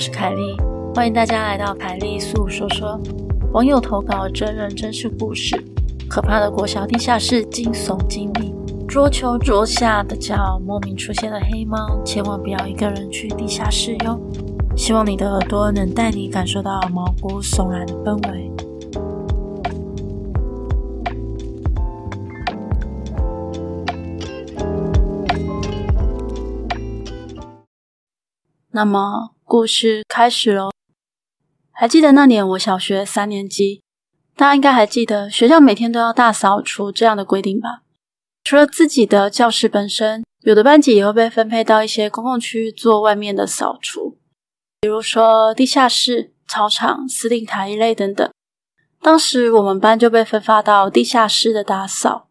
我是凱莉，歡迎大家來到凱莉粟說說，網友投稿真人真事故事，可怕的國小地下室驚悚經歷，桌球桌下的腳，莫名出現的黑貓，千萬不要一個人去地下室喲，希望你的耳朵能帶你感受到毛骨悚然的氛圍。那麼，故事開始咯。還記得那年我小學三年級，大家應該還記得學校每天都要大掃除這樣的規定吧？除了自己的教室本身，有的班級也會被分配到一些公共區域做外面的掃除，比如說地下室、操場、司令台一類等等。當時我們班就被分發到地下室的打掃。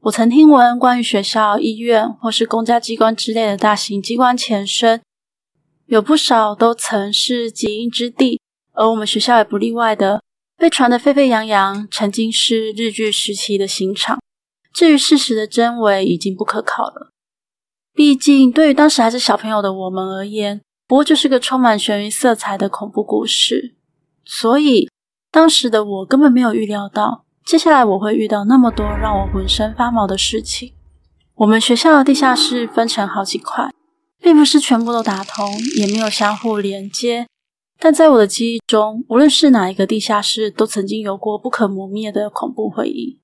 我曾聽聞關於學校、醫院或是公家機關之類的大型機關前身。有不少都曾是極陰之地，而我們學校也不例外的，被傳得沸沸揚揚。曾經是日據時期的刑場，至於事實的真偽已經不可考了。畢竟，對於當時還是小朋友的我們而言，不過就是個充滿懸疑色彩的恐怖故事。所以，當時的我根本沒有預料到，接下來我會遇到那麼多讓我渾身發毛的事情。我們學校的地下室分成好幾塊。並不是全部都打通，也沒有相互連接。但在我的記憶中，無論是哪一個地下室，都曾經有過不可磨滅的恐怖回憶。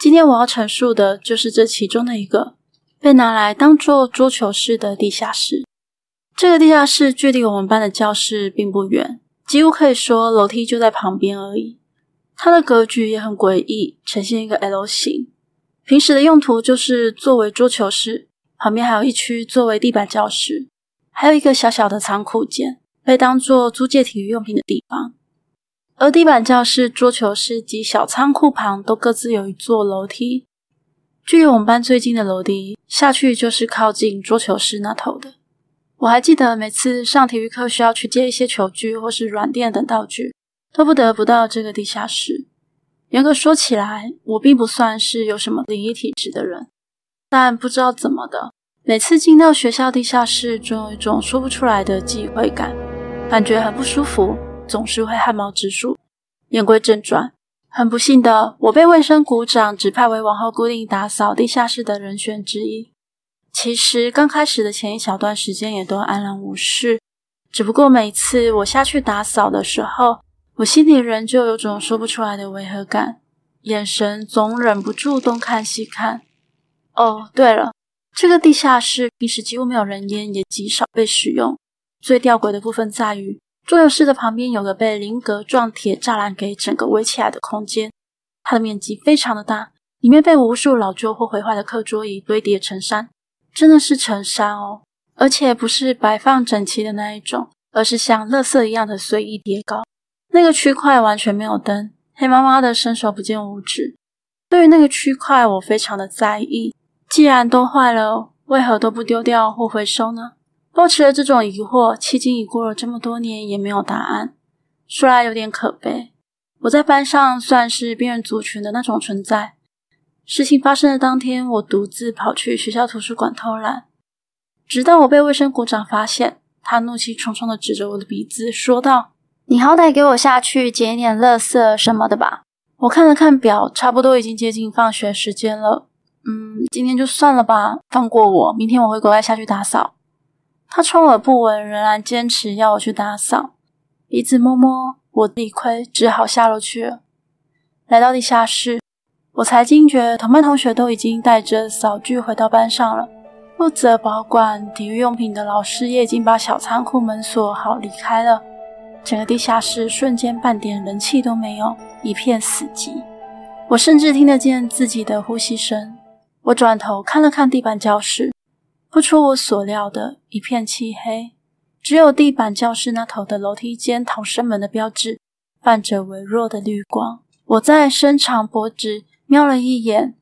今天我要陳述的就是這其中的一個，被拿來當做桌球室的地下室。這個地下室距離我們班的教室並不遠，幾乎可以說樓梯就在旁邊而已。它的格局也很詭異，呈現一個 L 型。平時的用途就是作為桌球室。旁邊還有一區作為地板教室，還有一個小小的倉庫間，被當做租借體育用品的地方。而地板教室、桌球室及小倉庫旁都各自有一座樓梯。距離我們班最近的樓梯下去就是靠近桌球室那頭的。我還記得每次上體育課需要去借一些球具或是軟墊等道具，都不得不到這個地下室。嚴格說起來，我並不算是有什麼靈異體質的人。但不知道怎麼的，每次進到學校地下室，總有一種說不出來的忌諱感，感覺很不舒服，總是會汗毛直豎。言歸正傳，很不幸的，我被衛生股長指派為往後固定打掃地下室的人選之一。其實剛開始的前一小段時間也都安然無事，只不過每次我下去打掃的時候，我心裡仍舊有種說不出來的違和感，眼神總忍不住東看西看。哦，對了，這個地下室平時幾乎沒有人煙，也極少被使用。最吊詭的部分在於，桌遊室的旁邊有個被菱格狀鐵柵欄給整個圍起來的空間，它的面積非常的大，裡面被無數老舊或毀壞的課桌椅堆疊成山，真的是成山哦！而且不是擺放整齊的那一種，而是像垃圾一樣的隨意疊高。那個區塊完全沒有燈，黑麻麻的，伸手不見五指。對於那個區塊，我非常的在意。既然都壞了，為何都不丟掉或回收呢？抱持了這種疑惑，迄今已過了這麼多年，也沒有答案，說來有點可悲。我在班上算是邊緣族群的那種存在。事情發生的當天，我獨自跑去學校圖書館偷懶，直到我被衛生股長發現，他怒氣冲沖地指着我的鼻子說道：“你好歹給我下去撿一點垃圾什麼的吧！”我看了看表，差不多已經接近放學時間了。嗯，今天就算了吧，放過我。明天我回國外下去打掃。他充耳不聞，仍然堅持要我去打掃。鼻子摸摸，我理虧，只好下樓去了。來到地下室，我才驚覺，同班同學都已經帶着掃具回到班上了。負責保管體育用品的老師也已經把小倉庫門鎖好離開了。整個地下室瞬間半點人氣都沒有，一片死寂。我甚至聽得見自己的呼吸聲。我轉頭看了看地板教室，不出我所料的，一片漆黑，只有地板教室那頭的樓梯間逃生門的標誌，泛着微弱的綠光。我再伸長脖子瞄了一眼，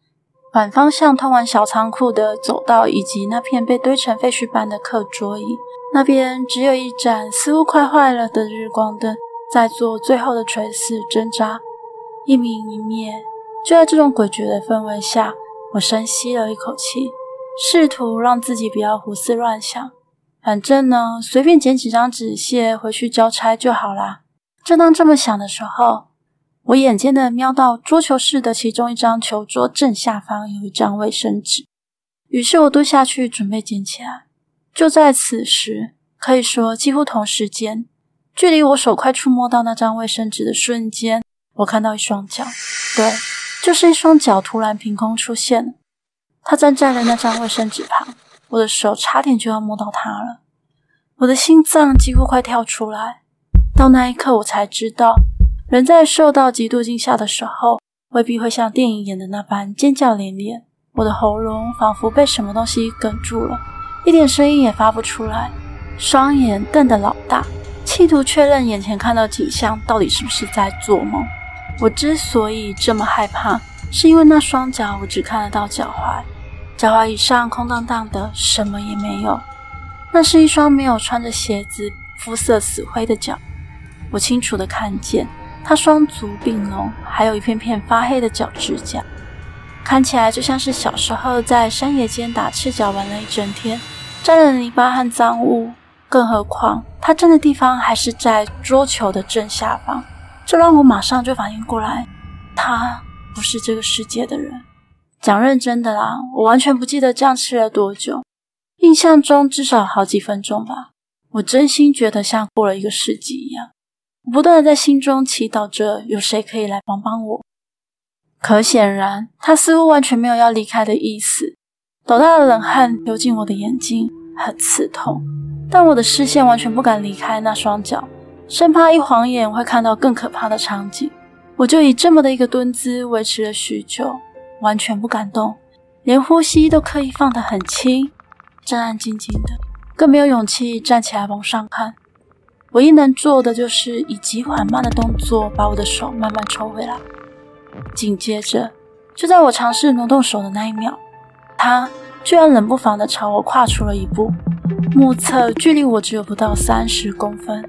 反方向通往小倉庫的走道，以及那片被堆成廢墟般的課桌椅。那邊只有一盞似乎快壞了的日光燈，在做最後的垂死掙扎，一明一滅。就在這種詭譎的氛圍下。我深吸了一口氣，試圖讓自己不要胡思亂想。反正呢，隨便撿幾張紙屑回去交差就好啦。正當這麼想的時候，我眼尖的瞄到桌球室的其中一張球桌正下方有一張衛生紙，於是我蹲下去準備撿起來。就在此時，可以說幾乎同時間，距離我手快觸摸到那張衛生紙的瞬間，我看到一雙腳，對。就是一雙腳突然憑空出現了，他站在了那張衛生紙旁，我的手差點就要摸到他了，我的心臟幾乎快跳出來。到那一刻，我才知道，人在受到極度驚嚇的時候，未必會像電影演的那般尖叫連連。我的喉嚨仿佛被什麼東西哽住了，一點聲音也發不出來，雙眼瞪得老大，企圖確認眼前看到景象到底是不是在做夢。我之所以這麼害怕，是因為那雙腳我只看得到腳踝，腳踝以上空蕩蕩的，什麼也沒有。那是一雙沒有穿着鞋子、膚色死灰的腳。我清楚的看見，他雙足併攏，還有一片片發黑的腳趾甲，看起來就像是小時候在山野間打赤腳玩了一整天，沾了泥巴和髒物。更何況，他站的地方還是在桌球的正下方。這讓我馬上就反應過來，他不是這個世界的人。講認真的啦，我完全不記得這樣吃了多久，印象中至少好幾分鐘吧。我真心覺得像過了一個世紀一樣，我不斷的在心中祈禱着有誰可以來幫幫我。可顯然，他似乎完全沒有要離開的意思。豆大的冷汗流進我的眼睛，很刺痛，但我的視線完全不敢離開那雙腳。生怕一晃眼會看到更可怕的場景，我就以這麼的一個蹲姿維持了許久，完全不敢動，連呼吸都刻意放得很輕，靜安靜靜的，更沒有勇氣站起來往上看。唯一能做的就是以極緩慢的動作把我的手慢慢抽回來。緊接着，就在我嘗試挪動手的那一秒，他居然冷不防地朝我跨出了一步，目測距離我只有不到三十公分。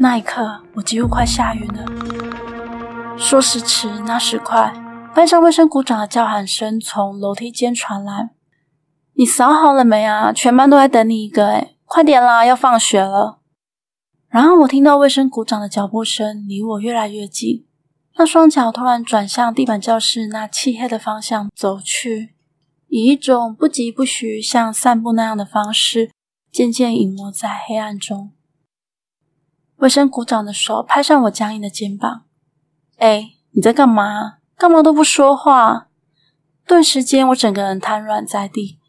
那一刻，我幾乎快嚇暈了。說時遲，那時快，班上衛生股長的叫喊聲從樓梯間傳來：“你掃好了沒啊？全班都在等你一個、欸，哎，快點啦，要放學了。”然後我聽到衛生股長的腳步聲離我越來越近，那雙腳突然轉向地板教室那漆黑的方向走去，以一種不疾不徐、像散步那樣的方式，漸漸隱沒在黑暗中。衛生股長的手拍上我僵硬的肩膀，“哎，你在幹嘛？幹嘛都不說話？”頓時間，我整個人癱軟在地，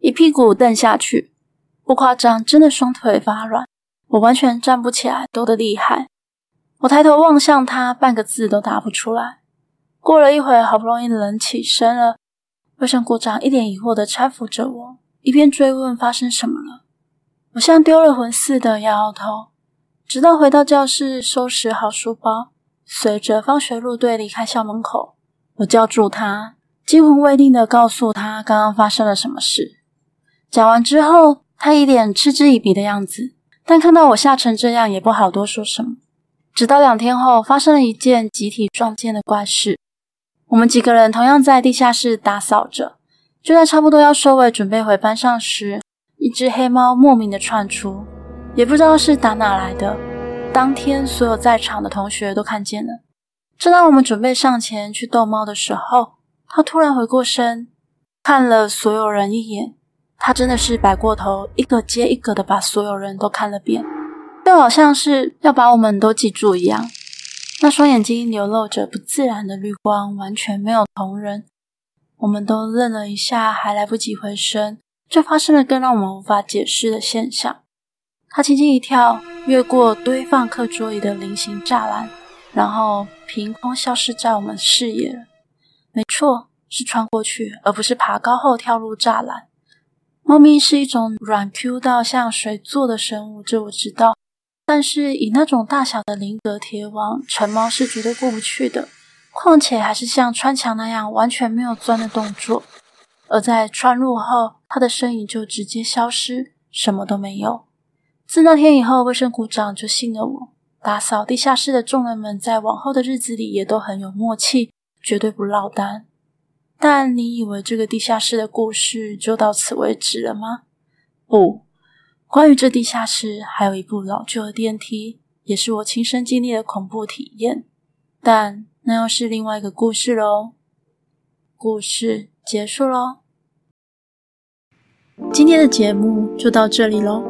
一屁股蹬下去。不誇張，真的雙腿發軟，我完全站不起來，抖得厲害。我抬頭望向他，半個字都答不出來。過了一會，好不容易能起身了。衛生股長，一臉疑惑的攙扶着我，一邊追問發生什麼了。我像丟了魂似的搖搖頭。直到回到教室，收拾好書包，隨着放學路隊離開校門口，我叫住他，驚魂未定的告訴他剛剛發生了什麼事。講完之後，他一臉嗤之以鼻的樣子，但看到我嚇成這樣，也不好多說什麼。直到兩天後，發生了一件集體撞見的怪事。我們幾個人同樣在地下室打掃着，就在差不多要收尾準備回班上時，一隻黑貓莫名的竄出。也不知道是打哪來的。當天，所有在場的同學都看見了。正當我們準備上前去逗貓的時候，他突然回過身，看了所有人一眼。他真的是擺過頭，一個接一個的把所有人都看了遍，就好像是要把我們都記住一樣。那雙眼睛流露着不自然的綠光，完全沒有瞳仁。我們都愣了一下，還來不及回身，就發生了更讓我們無法解釋的現象。它輕輕一跳，越過堆放課桌椅的菱形柵欄，然後憑空消失在我們視野。沒錯，是穿過去，而不是爬高後跳入柵欄。貓咪是一種軟 Q 到像水做的生物，這我知道。但是以那種大小的菱格鐵網，成貓是絕對過不去的。況且還是像穿牆那樣完全沒有鑽的動作。而在穿入後，它的身影就直接消失，什麼都沒有。自那天以後，衛生股長就信了我。打掃地下室的眾人們在往後的日子裡也都很有默契，絕對不落單。但你以為這個地下室的故事就到此為止了嗎？不，關於這地下室，還有一部老舊的電梯，也是我親身經歷的恐怖體驗。但那又是另外一個故事嘍。故事結束嘍。今天的節目就到這裡嘍。